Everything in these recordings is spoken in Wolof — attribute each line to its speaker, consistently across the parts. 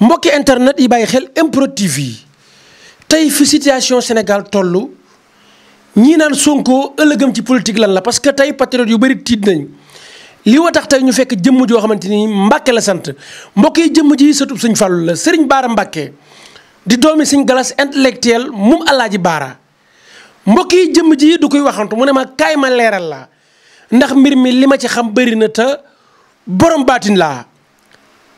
Speaker 1: mbokki internet yi bàyyi xel improtive TV yi tey fi situation Sénégal toll ñii naan Sonko ëllëgam ci politique lan la parce que tey patriote yu bëri tiit nañ li wa tax tey ñu fekk jëmm joo xamante ni Mbàkke la sant mbokk yi jëmm ji sëtub Sëñ Fàllu la Sëriñ Baara Mbàkke di doomi Sëñ Galas intellectuel moom Alaaji Baara mbokk yi jëmm ji du koy waxantu mu ne ma kaay ma leeral la ndax mbir mi li ma ci xam bëri na te borom baatin la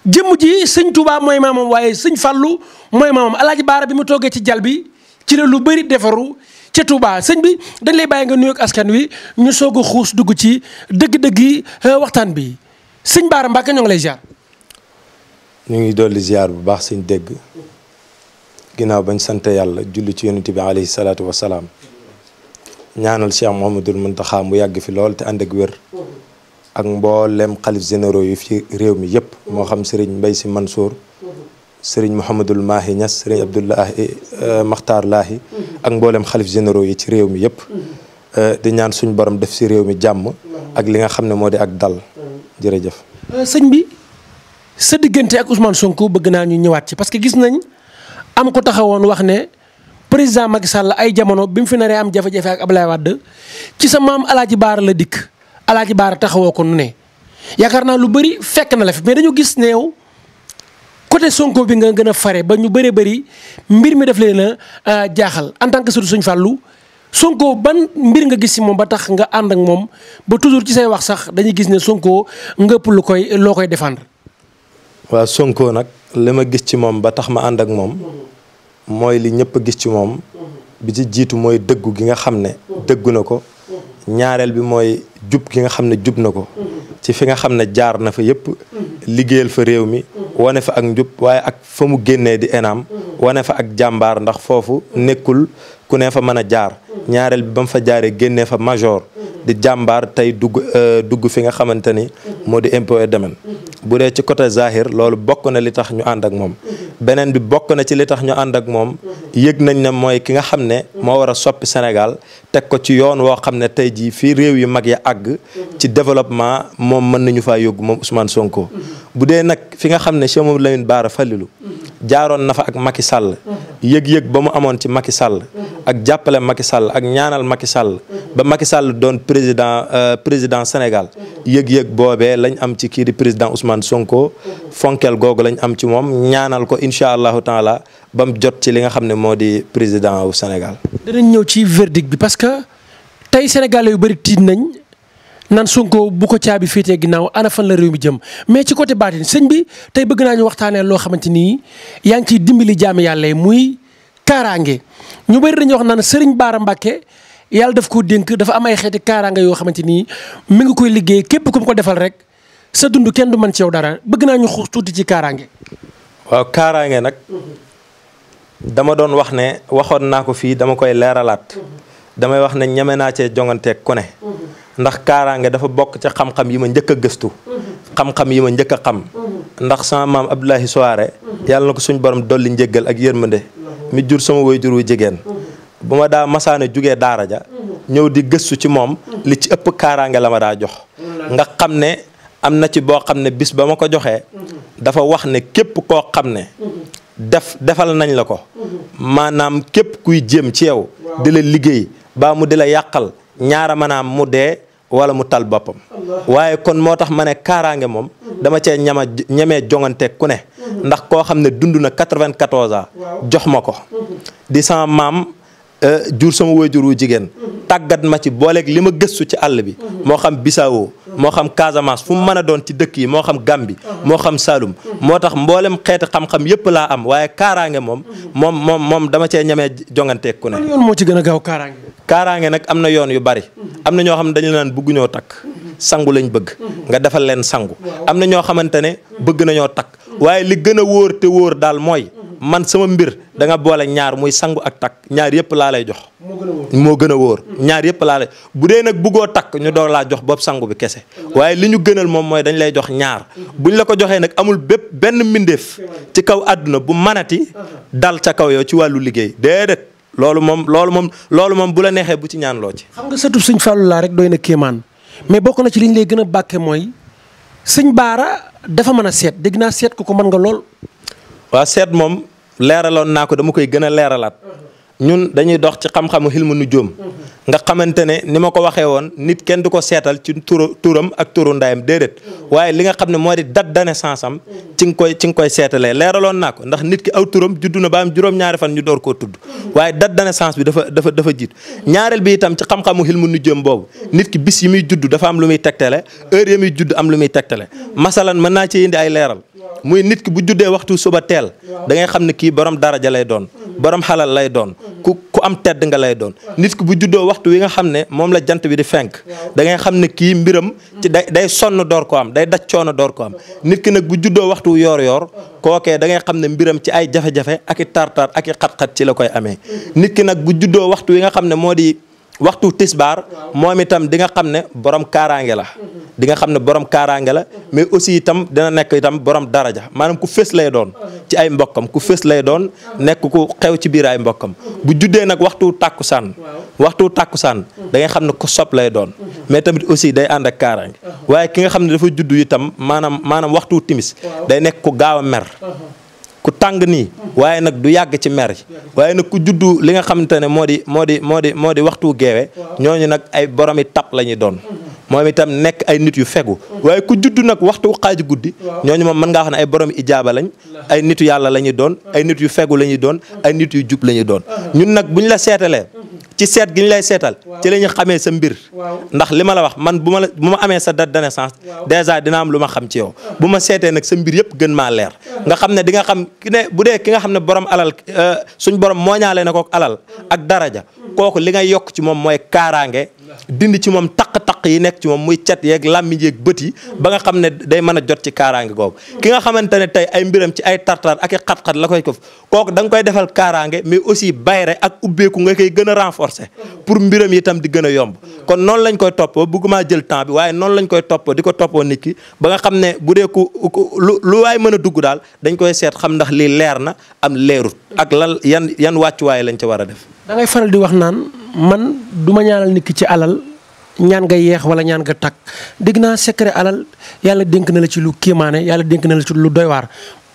Speaker 1: jëmm ji sëñ Touba mooy maamam waaye sëñ Fallou mooy maamam alaaji baara bi mu toogee ci jal bi ci la lu bari defaru ca Touba sëñ bi dañ lay bàyyi nga nuyoog askan wi ñu soog a xuus dugg ci dëgg-dëggi euh, waxtaan bi sëñ Baara Mbacke ñoo ngi lay ziar.
Speaker 2: ñu ngi dolli ziar bu baax sëñ dëgg ginnaaw bañ sant yàlla julli ci yonent bi alayhi salaatu wa salaam ñaanal Cheikh Mouhamadul Mountakha mu yàgg fi lool te ànd ak wér. ak mboolem xalif généraux yu fi réew mi yëpp moo xam sëriñ Mbay Si Mansour sëriñ Mouhamadul Mahi Niass sëriñ Abdoulahi euh, Makhtar Lahi ak mbooleem xalif généraux yi ci réew mi yëpp euh, di ñaan suñu borom def si réew mi jàmm ak li nga xam ne moo di ak dal jërëjëf
Speaker 1: euh, sëñ bi sa diggante ak Ousmane Sonko bëgg naa ñu ñëwaat ci parce que gis nañ am ko taxawoon wax ne président Macky Sall ay jamono bi mu fi naree am jafe-jafe ak Abdoulaye Wade ci sa maam Alaaji Baara la dikk alaaji baara taxawoo ko nu ne yaakaar naa lu bëri fekk na la fi mais dañu gis ne yow côté sonko bi nga gën a fare ba ñu bëree bëri mbir mi def leen a jaaxal en tant que surtout suñ fàllu sonko ban mbir nga gis si moom ba tax nga ànd ak moom ba toujours ci say wax sax dañuy gis ne sonko nga lu koy loo koy défendre.
Speaker 2: waaw sonko nag li ma gis ci moom ba tax ma ànd ak moom mooy li ñëpp gis ci moom bi ci jiitu mooy dëggu gi nga xam ne dëggu na ko. ñaareel bi mooy jub ki nga xam ne jub na ko ci fi nga xam ne jaar na fa yëpp liggéeyal fa réew mi wane fa ak njub waaye ak fa mu génnee di enaam wane fa ak jàmbaar ndax foofu nekkul ku ne fa mën a jaar ñaareel bi bam fa jaaree génnee fa major di jàmbaar tey dugg euh, dugg fi nga xamante ni moo di impôt et domaine bu dee ci côté Zahir loolu bokk na li tax ñu ànd ak moom beneen bi bokk na ci li tax ñu ànd ak moom yëg nañ ne mooy ki nga xam ne moo war a soppi Sénégal teg ko ci yoon woo xam ne tey jii fii réew yu mag ya àgg ci développement moom mën nañu faa yóggu moom Ousmane Sonko. bu dee nag fi nga xam ne Cheikh Mamadou Lamine Bara Fallilu jaaroon na fa ak Macky Sall yëg-yëg ba mu amoon ci Macky Sall ak jàppale Macky Sall ak ñaanal Macky Sall ba Macky Sall doon président euh, président Sénégal yëg-yëg boobee lañ am ci kii di président Ousmane Sonko fonkeel googu lañ am ci moom ñaanal ko incha allahu taala ba mu jot ci li nga xam ne moo di président wu Sénégal.
Speaker 1: danañ ñëw ci verdict bi parce que tey sénégalais yu bëri tiit nañ. naan Sonko bu ko caabi féetee ginnaaw ana fan la réew jëm mais ci côté baatin sëñ bi tey bëgg naa ñu waxtaanee loo xamante yaa ngi ciy dimbali jaami yàlla yi muy kaaraange ñu bëri dañuy wax naan sëriñ Bara Mbacké yàlla def koo dénk dafa am ay xeeti kaaraange yoo xamante ni mi ngi koy liggéey képp ku mu ko defal rek sa dund kenn du man ci yow dara bëgg naa ñu xuus tuuti ci kaaraange.
Speaker 2: waaw kaaraange nag dama doon wax ne waxoon naa ko fii dama koy leeralaat damay wax ne ñeme naa cee jonganteeg ku ne. ndax kaaraange dafa bokk ca xam-xam yi ma njëkk a gëstu mhm. xam-xam yi ma njëkk a xam mhm. ndax sama maam Abdoulahi Soare mhm. yàlla na ko suñ borom dolli njëggal ak yërmande mi jur sama jur wu jigéen bu ma daa masaana jugee daara ja ñëw di gëstu ci moom li ci ëpp kaaraange la ma daa jox nga xam ne am na ci boo xam ne bis ba ma ko joxee dafa wax ne képp koo xam ne def defal nañ la ko maanaam képp kuy jéem ci yow di la liggéey baa mu di la yàqal ñaara maanaam mu dee wala mu tal boppam waaye kon moo tax ma ne kaaraange moom dama cee ñama ñemee jongante ku ne ndax koo xam ne dund na 94 ans jox ma ko di sama maam euh, jur sama waajur wu jigéen tàggat ma ci booleeg li ma gëstu ci àll bi moo xam bisaawoo moo xam Casamance fu mu mën a doon ci dëkk yi moo xam Gambie moo xam Saloum moo tax mboolem xeeti xam-xam yëpp laa am waaye kaaraange moom moom moom moom dama cee ñamee jonganteeg ku ne.
Speaker 1: moo ci gën a gaaw kaaraange.
Speaker 2: kaaraange nag am na yoon yu bari am na ñoo xam ne dañu naan bëgg takk sangu lañ bëgg nga defal leen sangu am na ñoo xamante ne bëgg nañoo takk waaye li gën a wóor te wóor daal mooy. man sama mbir danga boole ñaar muy sangu ak takk ñaar yëpp laa lay jox. moo gën a wóor ñaar yëpp laa lay bu dee nag buggoo takk ñu doon laa jox bopp sangu bi kese waaye li ñu gënal moom mooy dañ lay jox ñaar buñ la ko joxee nag amul bépp benn mbindeef ci kaw àdduna bu manati dal ca kaw yow ci wàllu liggéey déedéet loolu moom loolu moom loolu moom bu la neexee bu ci ñaan loo ci.
Speaker 1: xam nga sëtu sëñ Fallou laa rek doy na kéemaan mais bokk na ci liñ lay gën a bàkke mooy sëñ Baara dafa mën a seet dégg naa seet ko mën nga lool.
Speaker 2: waaw seet moom leeraloon naa ko dama koy gën a leeralaat ñun dañuy dox ci xam-xamu xilmu nu jóom nga xamante ne ni ma ko waxee woon nit kenn du ko seetal ci turu turam ak turu ndayam déedéet waaye li nga xam ne moo di date de naissance am ci nga koy ci nga koy seetalee leeraloon naa ko ndax nit ki aw turam juddu na ba am juróom-ñaari fan ñu door koo tudd waaye date de naissance bi dafa dafa dafa jiit ñaareel bi itam ci xam-xamu xilmu nu jóom boobu nit ki bis yi muy juddu dafa am lu muy tegtale heure judd am lu muy tegtale masalan mën naa ci indi ay leeral muy nit ki bu juddee waxtu suba teel da ngay xam ne kii borom daraja lay doon borom xalal lay doon ku ku am tedd nga lay doon nit ki bu juddoo waxtu wi nga xam ne moom la jant wi di fenk dangay xam ne kii mbiram ci day sonn door ko am day daj coono door ko am nit ki nag bu juddoo waxtu yoor-yoor kookee da ngay xam ne mbiram ci ay jafe-jafe ak i tartar aki i xat-xat ci la koy amee mm-hmm. nit ki nag bu juddoo waxtu wi nga xam ne moo di waxtu tisbaar moom itam dinga xam ne borom kaaraange la di nga xam ne borom kaaraange la mais aussi itam dina nekk itam borom daraja maanaam ku fës lay doon ci ay mbokkam ku fës lay doon nekk ku xew ci biir ay mbokkam bu juddee nag waxtu tàkkusaan waxtu tàkkusaan da ngay xam ne ku sob lay doon mais tamit aussi day ànd ak kaaraange waaye ki nga xam ne dafa juddu itam maanaam maanaam waxtu timis day nekk ku gaaw a mer ku tàng nii waaye nag du yàgg ci mer yi waaye nag ku juddu li nga xamante ne moo di moo di moo di moo di waxtu geewe ñooñu nag ay boromi tap la ñuy doon moom itam nekk ay nit yu fegu waaye ku juddu nag waxtu xaaju guddi ñoo ñu moom mën ngaa xam ne ay boromi ijaaba lañ ay nitu yàlla la ñuy doon ay nit yu fegu la ñuy doon ay nit yu jub la ñuy doon ñun nag bu ñu la seetalee ci seet gi ñu lay seetal. ci la ñu xamee sa mbir. ndax li ma la wax man bu ma la bu ma amee sa date de naissance. dèjà dina am lu ma xam ci yow. Ah. bu ma seetee nag sa mbir yëpp gën maa leer. Ah. nga xam ne di nga xam ki ne bu dee ki nga xam ne borom alal euh, suñ borom mooñaale na ko alal ak daraja hmm. kooku li ngay ci moom mooy kaaraange. dindi ci moom taq-taq yi nekk ci moom muy cat yeeg làmmiñ yeeg bët yi ba nga xam ne day mën a jot ci kaaraange googu ki nga xamante ne tey ay mbiram ci ay tartar ak i la koy kof kooku da nga koy defal kaaraange mais aussi bayre ak ubbeeku nga koy gën a renforcer pour mbiram yi tam di gën a yomb kon noonu lañ koy toppoo bëgguma jël temps bi waaye noonu lañ koy toppoo di ko toppoo nit ki ba nga xam ne bu dee ku lu lu waay mën a dugg daal dañ koy seet xam ndax lii leer na am leerut ak lan yan yan wàccuwaay lañ ci war a def
Speaker 1: da ngay faral di wax naan man du ma ñaanal nit ki ci alal ñaan nga yeex wala ñaan nga takk dégg naa secret alal yàlla dénk na la ci lu kiimaane yàlla dénk na la ci lu doy waar.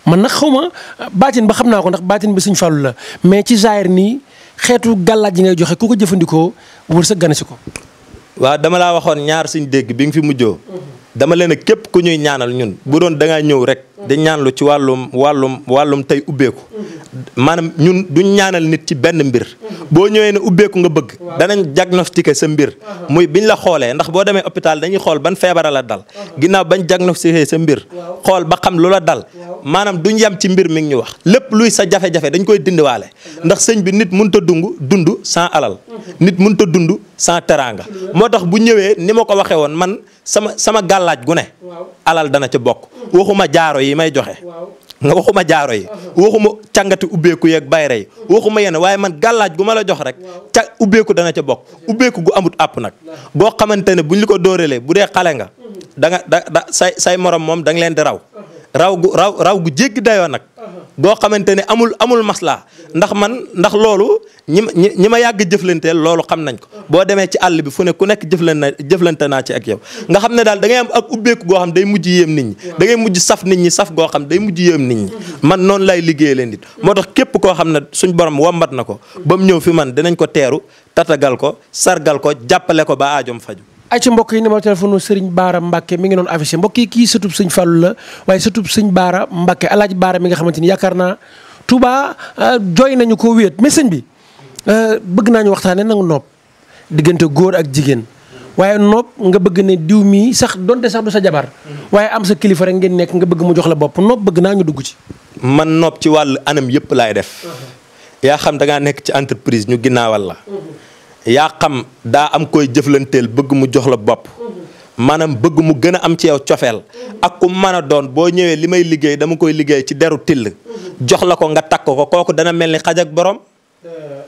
Speaker 1: man na xaw ma baatin ba xam naa ko ndax baatin bi suñ fàllu la mais ci zaahir nii xeetu gàllaaj yi ngay joxe ku ko jëfandikoo wërsëg gane si ko.
Speaker 2: waaw dama laa waxoon ñaar suñ dégg bi nga fi mujjoo. dama leen képp ku ñuy ñaanal ñun bu doon da ngaa ñëw rek. di ñaanlu ci wàllum wàllum wàllum tey ubbeeku. maanaam ñun duñ ñaanal nit ci benn mbir boo ñëwee ne ubbeeku nga bëgg danañ diagnostiqué sa mbir muy biñ la xoolee ndax boo demee hôpital dañuy xool ban feebara la dal ginnaaw bañ diagnostiqué sa mbir xool ba xam lu la dal maanaam duñ yem ci mbir mi ngi ñu wax lépp luy sa jafe-jafe dañ koy dindiwaale ndax sëñ bi nit mënut a dund dund sans alal nit mënut a dund sans teraanga moo tax bu ñëwee ni ma ko waxee woon man sama sama gàllaaj gu ne alal dana ci bokk waxuma jaaro yi may joxe nga waxuma jaaro yi waxuma càngati ubbeeku yeeg bayre yi waxuma yenn waaye man gàllaaj gu ma la jox rek ca ubbeeku dana ca bokk ubbeeku gu amut àpp nag boo xamante ne buñ lu ko dóoralee bu dee xale nga danga da da say say morom moom da nga leen di raw raw gu raw raw gu jéggi dayoo nag goo xamante ne amul amul maslaa ndax man ndax loolu ñi ma ñi ma yàgg jëflanteel loolu xam nañ ko boo demee ci àll bi fu ne ku nekk jëflan na jëflante naa ci ak yow nga xam ne daal da ngay am ak ubbeeku goo xam day mujj yéem nit ñi da mujj saf nit ñi saf goo xam day mujj yéem nit ñi man noonu lay liggéey leen nit moo tax képp koo xam ne suñ borom wambat na ko ba mu ñëw fi man danañ ko teeru tatagal ko sargal ko jàppale ko ba faju
Speaker 1: ay ci mbokk yi numéro téléphone sëriñ Baara Mbacke mi ngi noonu affiché mbokk yi kii sëtub sëñ Fallou la waaye sëtub sëñ Baara Mbacke alaaj Baara mi nga xamante ni yaakaar naa Touba euh, jooy nañu ko wéet mais bi euh, bëgg naa ñu waxtaanee nag noob diggante góor ak jigéen waaye noob nga bëgg ne diw mii sax donte sax du sa jabar waaye am sa kilifa rek ngeen nekk nga bëgg mu jox la bopp noob bëgg naa ñu dugg ci. man noob
Speaker 2: ci wàllu anam yëpp laay def. Uh-huh. yaa xam da nekk ci entreprise ñu ginnaawal la. Uh-huh. yaa xam daa am koy jëflanteel bëgg mu jox la bopp maanaam bëgg mu gën a am ci yow cofeel ak ku mën a doon boo ñëwee li may liggéey dama koy liggéey ci deru till jox la ko nga takk ko kooku dana mel ni xaj ak borom Euh,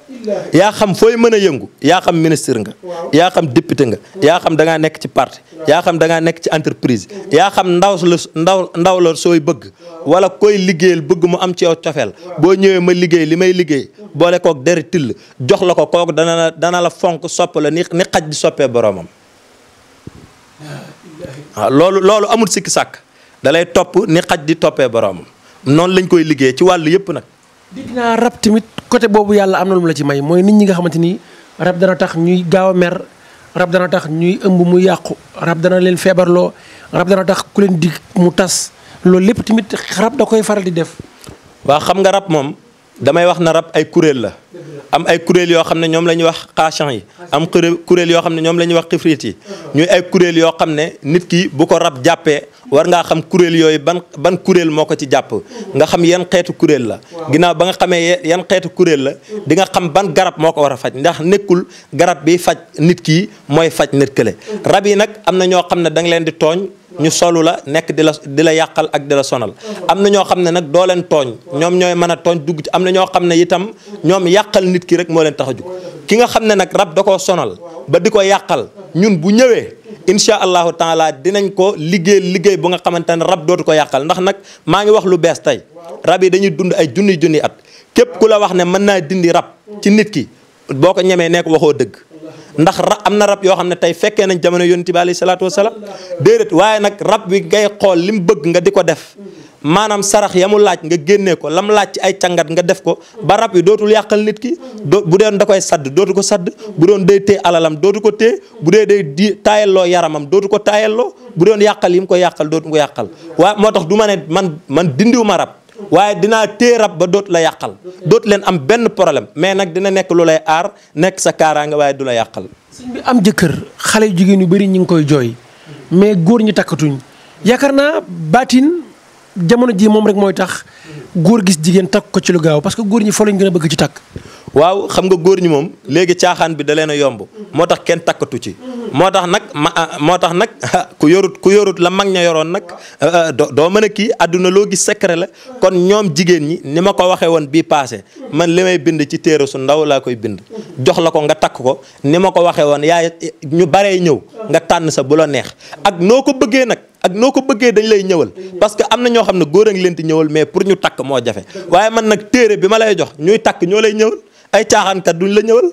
Speaker 2: yaa xam fooy mën a yëngu yaa xam ministre nga yaa xam député nga yaa xam da nekk ci parti yaa xam da nekk ci entreprise mhm. yaa xam ndaw la ndaw ndaw la sooy bëgg wala koy liggéeyal bëgg mu am ci yow cofeel boo ñëwee ma liggéey li may liggéey mhm. boole kook deri till jox la ko kook dana la la fonk sopp la ni ni xaj di soppee boroomam waaw ah, loolu loolu amul sikki sàkk da topp ni xaj di toppee boroomam noonu lañ koy liggéey ci
Speaker 1: wàllu yëpp nag dégg naa rab tamit côté boobu yàlla am na lu mu la ci may mooy nit ñi nga xamante ni rab dana tax ñuy gaaw a mer rab dana tax ñuy ëmb mu yàqu rab dana leen feebarloo rab dana tax ku leen dig mu tas loolu lépp tamit rab da koy faral di def.
Speaker 2: waa xam nga rab moom damay wax na rab ay kuréel la. am ay kuréel yoo xam ne ñoom la ñuy wax xaachan yi am kuréel yoo xam ne ñoom la ñuy wax xifrit yi ñuy ay kuréel yoo xam ne nit ki bu ko rab jàppee war ngaa xam kuréel yooyu ban ban kuréel moo ko ci jàpp nga xam yan xeetu kuréel la ginnaaw ba nga xamee yan xeetu kuréel la di nga xam ban garab moo ko war a faj ndax nekkul garab bi faj nit kii mooy faj nit kële rab yi nag am na ñoo xam ne da nga leen di tooñ ñu solu la nekk di la di la yàqal ak di la sonal am na ñoo xam ne nag doo leen tooñ ñoom ñooy mën a tooñ dugg ci am na ñoo xam ne itam ñoom yàqal nit ki rek moo leen tax a jug ki nga xam ne nag rab da koo sonal ba di ko yàqal ñun bu ñëwee incha allahu taala dinañ ko liggéey liggéey bu nga xamante ne rab dootu ko yàqal ndax nag maa ngi wax lu bees tey rab yi dañuy dund ay junni junni at képp ku la wax ne mën naa dindi rab ci nit ki boo ko ñemee nekk waxoo dëgg ndax ra am na rab yoo xam ne tey fekkee nañ jamono yonent bi alayhi salaatu wasalaam déedéet waaye nag rab bi ngay xool li mu bëgg nga di ko def maanaam sarax ya laaj nga génne ko lam laaj ci ay càngat nga def ko ba rab yi dootul yàqal nit ki doo bu doon da koy sadd dootu ko sàdd bu doon day tee alalam dootu ko téye bu dee day di taayalloo yaramam dootu ko taayalloo bu doon yàqal yi mu ko yàqal dootu ko yàqal waaye moo tax du ma man man dindiwu ma rab waaye dinaa téye rab ba dootu la yàqal dootu leen am benn problème mais nag dina nekk lu lay aar nekk sa kaaraanga waaye du la yàqal.
Speaker 1: suñ bi am jëkkër xale yu jigéen yu bëri ñu ngi koy jooy mais góor ñi takkatuñ jamono jii moom rek mooy tax góor gis jigéen takk ko ci lu gaaw parce que góor ñi foo lañ gën a bëgg ci takk. waaw xam nga góor ñi moom léegi caaxaan bi
Speaker 2: da leen a yomb moo tax kenn takkatu ci moo tax nag ma ah, moo tax nag ah, ku yorut ku yorut la mag ña yoroon nag ah, doo mën a kii àdduna loo gis secret la kon ñoom jigéen ñi ni ma ko waxee woon bii passé man li may bind ci téere su ndaw laa koy bind jox la ko nga takk ko ni ma ko waxee woon yaay ñu baree ñëw nga tànn sa bu neex bëggee nag. ak noo ko bëggee dañ lay ñëwal parce que am na ñoo xam ne góor a leen di ñëwal mais pour ñu takk moo jafe waaye man nag téere bi ma lay jox ñuy takk ñoo lay ñëwal ay caaxaankat duñ la ñëwal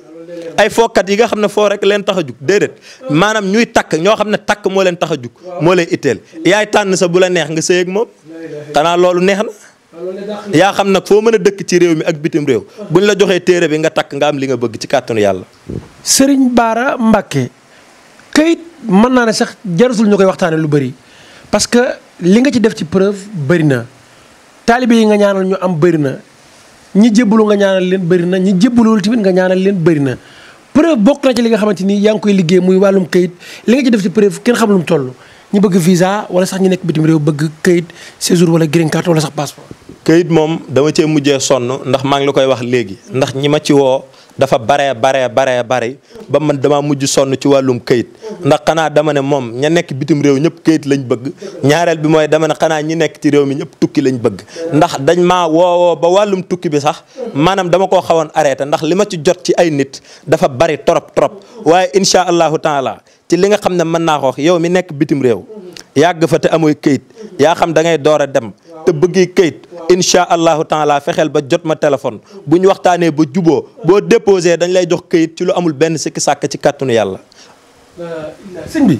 Speaker 2: ay fookat yi nga xam ne foo rek leen tax a jug déedéet maanaam ñuy takk ñoo xam ne takk moo leen tax a jug moo lay itteel yaay tànn sa bu la neex nga sëy ak moom loolu neex yaa xam nag foo mën a dëkk ci réew mi ak bitim réew buñ la joxee téere bi nga takk nga am li nga bëgg ci kàttanu yàlla
Speaker 1: Serigne Bara Mbacké kayit mën naa ne sax jarusul ñu koy waxtaanee lu bari parce que li nga ci def ci preuve bëri na taalibe yi nga ñaanal ñu am bëri na ñi jébbalu nga ñaanal leen bëri na ñi jébbalul tamit nga ñaanal leen bëri na preuve bokk na ci li nga xamante ni yaa ngi koy liggéey muy wàllum kayit li nga ci def ci preuve kenn xam lu mu toll ñu bëgg visa wala sax ñu nekk bitim réew bëgg këyit séjour wala green card wala sax passeport.
Speaker 2: këyit moom dama cee mujjee sonn ndax maa ngi la koy wax léegi ndax ñi ma ci woo dafa baree baree baree bare ba man dama mujj sonn ci wàllum këyit ndax xanaa dama ne moom ña nekk bitim réew ñëpp këyit lañ bëgg ñaareel bi mooy dama ne xanaa ñi nekk ci réew mi ñëpp tukki lañ bëgg ndax dañ maa woowoo ba wàllum tukki bi sax maanaam dama koo xawoon arrêté ndax li ma ci jot ci ay nit dafa bari trop trop waaye incha allahu taala ci li nga xam ne mën naa ko wax yow mi nekk bitim réew yàgg fa te amoy këyit yaa xam da ngay door a dem te bëggi këyit incha allahu taala fexeel ba jot ma téléphone bu ñu waxtaanee ba juboo boo déposé dañ lay jox këyit ci lu amul benn sikki sàkk ci kàttanu yàlla.
Speaker 1: sëñ bi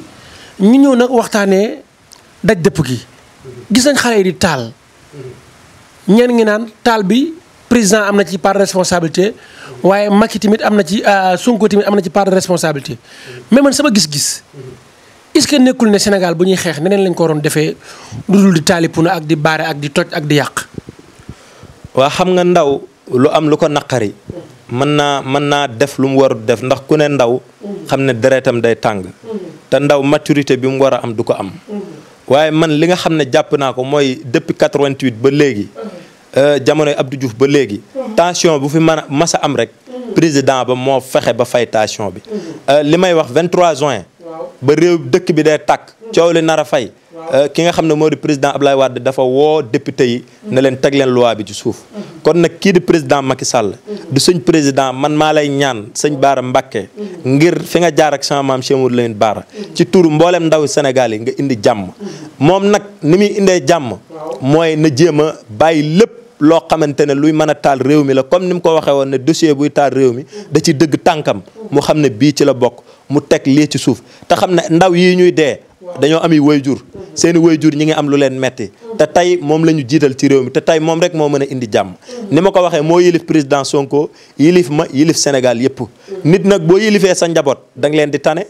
Speaker 1: ñu ñëw nag waxtaanee daj dëpp gi gis nañ xale yi di taal ñeen ngi naan taal bi. président am na ci part de responsabilité waaye Macky tamit am na ci euh, Sonko tamit am na ci part responsabilité mais man sama gis-gis est-ce que nekkul ne Sénégal bu ñuy xeex neneen lañ ko waroon defee lu dul di taali taalipuna ak di baare ak di toj ak di yàq.
Speaker 2: waa xam nga ndaw lu am lu ko naqari mën naa mën naa def lu mu war def ndax ku ne ndaw xam ne deretam day tàng te ndaw maturité bi mu war a am du ko am mm-hmm. waaye man li nga xam ne jàpp naa ko mooy depuis 88 ba léegi. Euh, jamonoy abdu Diouf ba léegi tension bu fi mën a mas am rek président ba moo fexe ba fay tension bi euh, li may wax 23 juin ba réew dëkk bi day tàkk coow li nar a fay euh, ki nga xam ne moo di président ab lay Wade dafa woo député yi na leen teg leen loi bi ci suuf kon nag kii di président Macky Sall du sëñ président man maa lay ñaan sëñ Baara Mbàkke ngir fi nga jaar ak sama maam Cheikh Mouhamadou Baara ci turu mboolem ndaw Sénégal yi nga indi jàmm moom nag ni muy indee jàmm mooy na jéem a bàyyi lépp loo xamante ne luy mën a taal réew mi la comme ni mu ko waxee woon ne dossier buy taal réew mi da ci dëgg tànkam mu xam ne bii ci la bokk mu teg lii ci suuf te xam ne ndaw yi ñuy dee dañoo ami jur seeni way jur ñi ngi am lu leen metti te tey moom la ñu jiital ci réew mi te tey moom rek moo mën a indi jàmm ni ma ko waxee moo yilif président Sonko yilif ma yilif Sénégal yëpp nit nag boo yilifee sa njaboot da nga leen di tane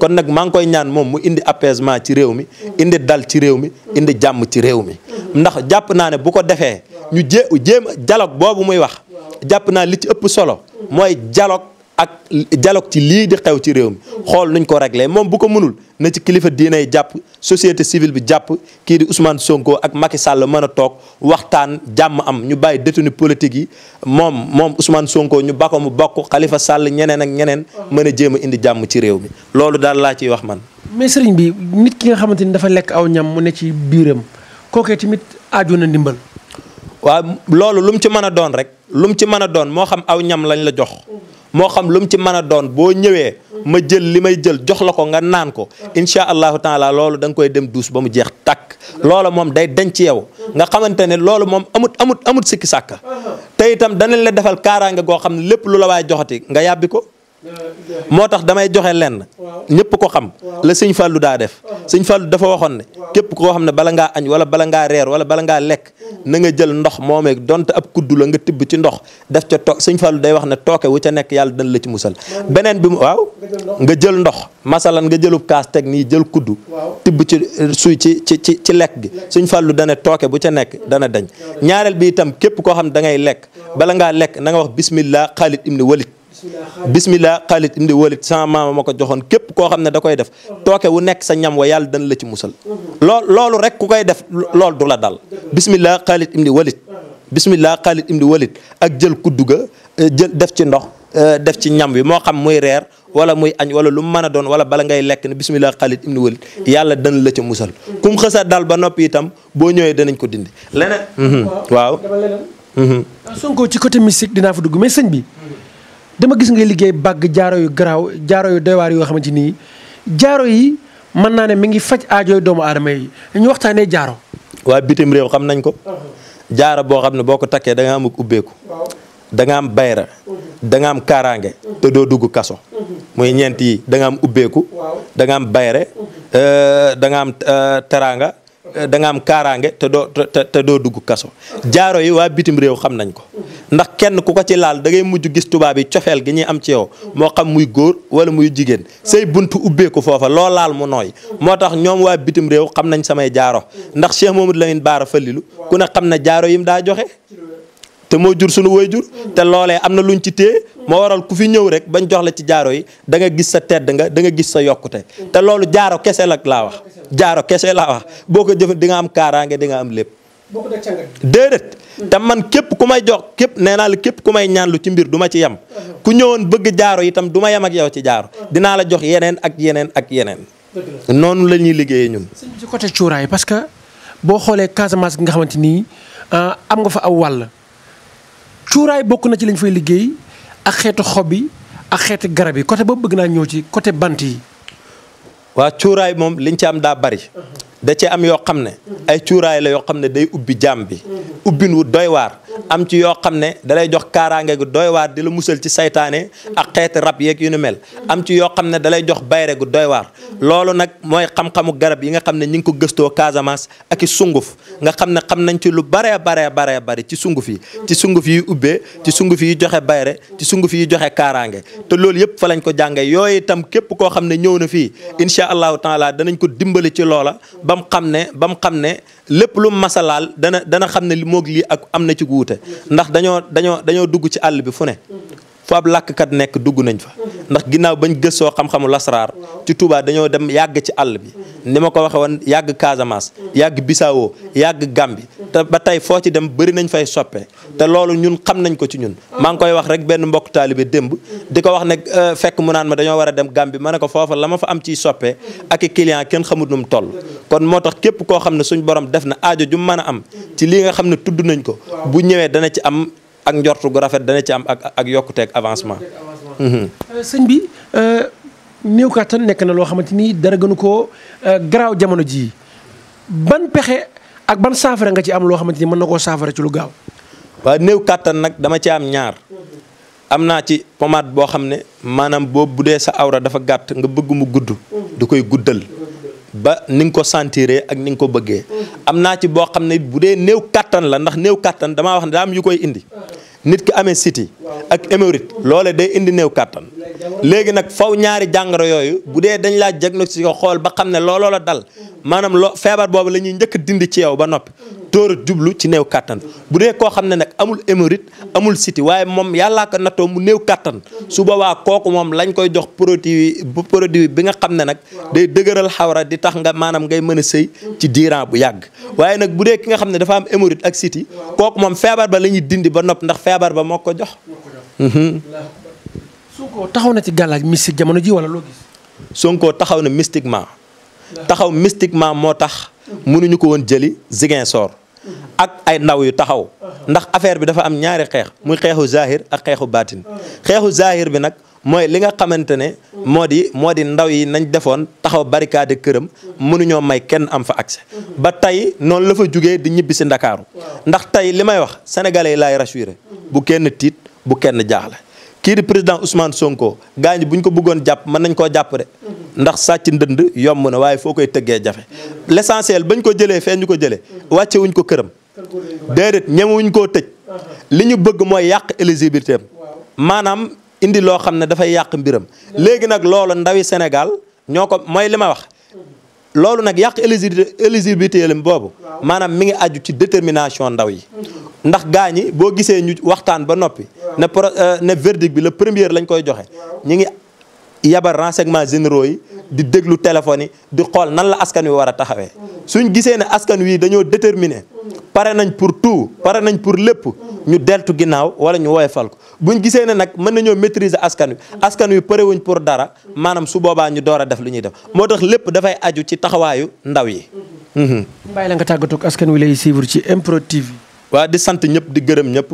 Speaker 2: kon nag maa ngi koy ñaan moom mu indi apaisement ci réew mi indi dal ci réew mi indi jàmm ci réew mi ndax jàpp naa ne bu ko defee ñu jé jéem a boobu muy wax jàpp naa li ci ëpp solo mooy dialogue ak jaloog ci lii di xew ci réew mi xool nuñ ko réglé moom bu ko mënul na ci kilifa diinay jàpp société civile bi jàpp kii di Ousmane Sonko ak Macky Sall mën a toog waxtaan jàmm am ñu bàyyi détenu politique yi moom moom Ousmane Sonko ñu bako mu bokk xalifa sàll ñeneen ak ñeneen mën a jéem a indi jàmm ci réew mi loolu daal laa ciy wax man.
Speaker 1: mais bi nit ki nga xamante ni dafa lekk aw ñam mu ne ci biiram kookee tamit ndimbal. waaw loolu lu
Speaker 2: mu ci mën a doon rek lu mu ci mën a doon moo xam aw ñam lañ la jox moo xam lu mu ci mën a doon boo ñëwee ma jël li may jël jox la ko nga naan ko incha allahu taala loolu danga koy dem duus ba mu jeex tàkk loola moom day denc ci yow nga xamante ne loolu moom amut amut amut sikki sàkka te itam danañ la defal kaaraange goo xam ne lépp lu la waay joxati nga yàbbi ko moo tax damay joxe lenn ñëpp ko xam la sëñ fallu daa def uh-huh. sëñ Fallou dafa waxoon ne képp koo xam ne bala nga añ wala bala ngaa reer wala bala ngaa lekk uh-huh. na nga jël ndox moomee donte ab kuddu la nga tibb ci ndox def ca toog sëñ Fallou day wax ne tooke wu ca nekk yàlla dana la ci musal beneen bi mu waaw nga jël ndox masalan nga jëlub kaas teg jël kuddu tibb ci eh, suy ci ci ci ci lekk gi sëñ Fallou dana tooke bu ca nekk dana ne da bismillah xaalit indi walit sama maama ma joxoon képp koo xam ne da koy def tooke wu nekk sa ñam wa yàlla dan la ci musal lool loolu rek ku koy def loolu du la dal bismillah xaalit indi walit bismillah xaalit indi walit ak jël ku ga eh, jël def ci ndox eh, def ci ñam wi moo xam muy reer wala muy añ wala lu mu mën a doon wala bala ngay lekk ne bismillah xaalit ibnu walid yàlla dan la ca musal kum xësa dal ba noppi itam boo ñëwee danañ ko dindi leneen waaw mhm.
Speaker 1: Sonko dama gis nga liggéey bàgg jaaro yu garaaw jaaro yu doywaar yoo xamante nii jaaro yi mën naa ne mi ngi faj aajooy doomu aadama yi ñu waxtaanee jaaro.
Speaker 2: waa bitim réew xam nañ ko. jaaro boo xam ne boo ko takkee da nga am ubbeeku. da nga am bayra. da nga am kaaraange. te doo dugg kaso. muy ñeent yi am ubbeeku. da nga am bayre euh, da nga am euh, teraanga. da am kaaraange te doo te doo dugg kaso. jaaro yi waa bitim réew xam nañ ko. ndax kenn ku ko ci laal da ngay mujj gis tubaab yi cofeel gi ñuy am ci yow moo xam muy góor wala muy jigéen say buntu ubbeeku foofa loo laal mu nooy moo tax ñoom waa bitim réew xam nañ samay jaaro ndax Cheikh Mamadou Lamine Baara Fallilu ku ne xam na jaaro yim daa joxe te moo jur sunu woy jur te loolee am na luñ ci téye moo waral ku fi ñëw rek bañ jox la ci jaaro yi da nga gis sa tedd nga da nga gis sa yokkute te loolu jaaro kese la laa wax jaaro kese laa wax boo ko jëf di nga am kaaraange dinga am lépp
Speaker 1: bokkut ak
Speaker 2: déedéet te man képp ku may jox képp nee naa la képp ku may ñaan lu ci mbir duma ci yem uh-huh. ku ñëwoon bëgg jaaro itam du ma yem ak yow ci jaaro uh-huh. dinaa la jox yeneen ak yeneen ak yeneen noonu la ñuy liggéeyee ñun
Speaker 1: ci côté cuuraay parce que boo xoolee Casamance gi nga xamante nii uh, am nga fa aw wàll cuuraay bokk na ci lañ fay liggéey ak xeetu xob yi ak xeetu garab yi côté boobu bëgg naa ñëw ci côté bant yi
Speaker 2: waa cuuraay moom liñ ci am daa bari uh-huh. da ci am yoo xam ne ay cuuraay la yoo xam ne day ubbi jaam bi ubbin wu doywaar am ci yoo xam ne da jox kaaraange gu doywaar di la musal ci saytaane ak xeeti rab yeeg yu nu mel am ci yoo xam ne dalay jox bayre gu doywaar loolu nag mooy xam-xamu garab yi nga xam ne ñi ngi ko gëstoo Casamance aki sunguf nga xam ne xam nañ ci lu baree baree baree bari ci sunguf yi ci sunguf yi ubbee ci sunguf yi joxe bayre ci sunguf yi joxe kaaraange te loolu yëpp fa lañ ko jànge yooyu itam képp koo xam ne ñëw na fii incha allahu taala danañ ko dimbali ci loola ba xam ne ba xam ne lépp lum mu masalaal dana dana xam ne li moog lii ak am na ci guute ndax dañoo dañoo dañoo dugg ci àll bi fu ne fu ab làkkat nekk dugg nañ fa ndax ginnaaw bañ gëstoo xam-xamu lasraar ci tubaa dañoo dem yàgg ci àll bi ni ma ko waxee woon yàgg Casamance yàgg Bissau yàgg Gambie te ba tey foo ci dem bëri nañ fay soppe te loolu ñun xam nañ ko ci ñun maa ngi koy wax rek benn mbokk taalibe démb di ko wax ne euh, fekk mu naan ma dañoo war a dem Gambie ma ne ko foofa la ma fa am ciy soppe ak i client kenn xamut nu toll kon moo tax képp koo xam ne suñ borom def na aajo ju mën a am ci li nga xam ne tudd nañ ko ak njortu gu rafet dana ci am ak ak yokkuteeg avancement. Mhm.
Speaker 1: Euh, sëñ bi euh, néew kàttan nekk na loo xamante ni dara gënu koo euh, garaaw jamono jii ban pexe ak ban saafara nga ci am loo xamante ni mën na koo saafara ci lu gaaw. waaw néew
Speaker 2: kàttan nag dama ci am ñaar. am naa ci pomade boo xam ne maanaam boobu bu dee sa awra dafa gàtt nga bëgg mu gudd. du koy guddal. ba ni nga ko sentiree ak ni nga ko bëggee. Mhm. am naa ci boo xam ne bu dee néew kàttan la ndax néew kàttan damaa wax ne daa nit ki amee siti ak hémorroïde loole day indi néew kàttan léegi nag faw ñaari jàngoro yooyu bu dee dañ laa diagnostic ko xool ba xam ne looloo la dal maanaam loo feebar boobu la ñuy njëkk dindi ci yow ba noppi door jublu ci new kàttan bu dee koo xam ne nag amul hémorroïde amul siti waaye moom yàllaa ko nattoo mu néew kàttan su boobaa kooku moom lañ koy jox produit produit bi nga xam ne nag day dëgëral xawra di tax nga maanaam ngay mën a sëy ci diiran bu yàgg waaye nag bu dee ki nga xam ne dafa am hémorroïde ak siti kooku moom feebar ba la ñuy dindi ba nopp ndax feebar ba moo ko jox
Speaker 1: mhm. taxaw na ci gàllaaj mystique
Speaker 2: jamono ji wala loo gis taxaw na mystiquement taxaw mystiquement moo tax mënuñu ko woon jëli Ziguinchor ak ay ndaw yu taxaw ndax affaire bi dafa am ñaari xeex muy xeexu zahir ak xeexu baatin xeexu zahir bi nag mooy li nga xamante ne moo di moo di ndaw yi nañ defoon taxaw barricade këram mënuñoo may kenn am fa accès ba tey noonu la fa jugee di ñibbi si Ndakaaru ndax tey li may wax sénégalais yi laay rassuré bu kenn tiit bu kenn jaaxle kii di président Ousmane Sonko gaañ bu ñu ko bëggoon jàpp man nañ koo jàpp de. ndax sàcc ndënd yomb na waaye foo koy tëggee jafe. l' essentiel bañ ko jëlee fee ñu ko jëlee. wàccewuñ ko këram. déedéet ñemewuñ koo tëj. li ñu bëgg mooy yàq éligibilité am. maanaam indi loo xam ne dafay yàq mbiram. léegi nag loolu ndawi Sénégal ñoo ko mooy li ma wax. loolu nag yàq éligibilité éligibilité boobu. maanaam mi ngi aju ci détermination ndaw yi. ndax gaa ñi boo gisee ñu waxtaan ba noppi ne pro euh, ne verdict bi le premier lañ koy joxe ñu ngi yabar renseignement généraux yi di déglu téléphone yi di xool nan la askan wi war a taxawee mm-hmm. suñ gisee ne askan wi dañoo déterminé mm-hmm. pare nañ pour tout pare nañ pour lépp mm-hmm. ñu deltu ginnaaw wala ñu woyofal ko buñ gisee ne nag mën nañoo maîtriser askan wi askan wi parewuñ pour dara maanaam su boobaa ñu door a def lu ñuy def moo tax lépp dafay aju ci taxawaayu ndaw yi.
Speaker 1: bàyyi la nga tàggatoo askan wi lay suivre ci MPROD TV. waa di sant ñëpp di gërëm ñëpp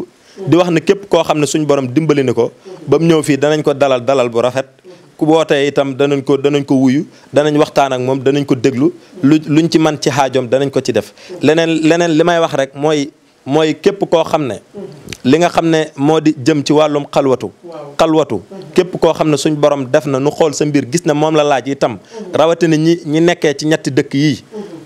Speaker 2: di wax na képp koo xam ne suñu borom dimbali na ko ba mu ñëw fii danañ ko dalal dalal bu rafet ku wootee itam danañ ko danañ ko wuyu danañ waxtaan ak moom danañ ko déglu lu luñ ci man ci xaajoom danañ ko ci def leneen leneen li may wax rek mooy mooy képp koo xam ne li nga xam ne moo di jëm ci wàllum xalwatu xalwatu képp koo xam ne suñ borom def na nu xool sa mbir gis na moom la laaj itam rawatina ñi ñi nekkee ci ñetti dëkk yi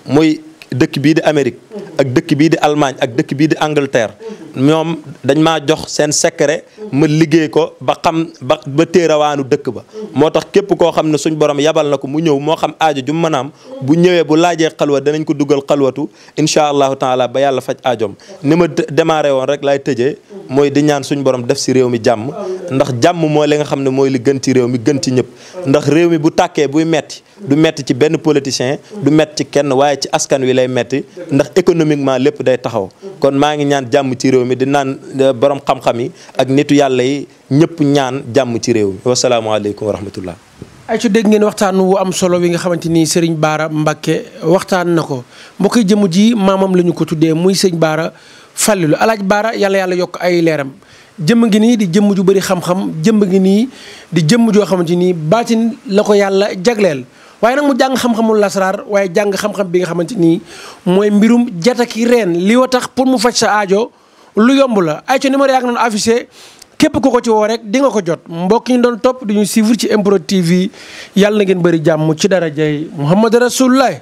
Speaker 2: muy dëkk bii di Amérique ak dëkk bii di almaañ ak dëkk bii di Angleterre ñoom dañ maa jox seen secret ma liggéey ko ba xam ba ba téerawaanu dëkk ba moo tax képp koo xam ne suñ borom yabal na ko mu ñëw moo xam aajo ju manaam bu ñëwee bu laajee xalwa danañ ko dugal xalwatu incha allahu taala ba yàlla faj ajoom ni ma démarré woon rek laay tëjee mooy di ñaan suñ borom def si réew mi jàmm ndax jàmm mooy li nga xam ne mooy li gën réew mi gënti ci ñëpp ndax réew mi bu tàkkee buy metti du metti ci benn politicien du metti kenn waaye ci askan wi lay metti économiquement lépp day taxaw kon maa ngi ñaan jàmm ci réew mi di naan eh, borom xam-xam yi ak nitu yàlla yi ñëpp ñaan jàmm ci réew mi wasalaamaaleykum wa rahmatullah
Speaker 1: dégg ngeen waxtaan wu am solo wi nga xamante ni Serigne Bara Mbacke waxtaan na ko mbokk jëmm ji maamam la ñu ko tuddee muy Serigne Bara Fallilou alaaj Bara yàlla yàlla yokk ay leeram jëmm ngi nii di jëmm ju bëri xam-xam jëmm ngi nii di jëmm joo xamante ni baatin la ko yàlla jagleel waaye nag mu jàng xam-xamul lasaraar waaye jàng xam-xam bi nga xamante nii mooy mbirum jataki reen li wa tax pour mu faj sa aajo lu yomb la ay co numéro yaa ngi noonu affiché képp ku ko ci woo rek di nga ko jot mbokk ñu doon topp duñu ñu ci MPROD TV yàlla na ngeen bëri jàmm ci dara darajay Muhammad Rasulullah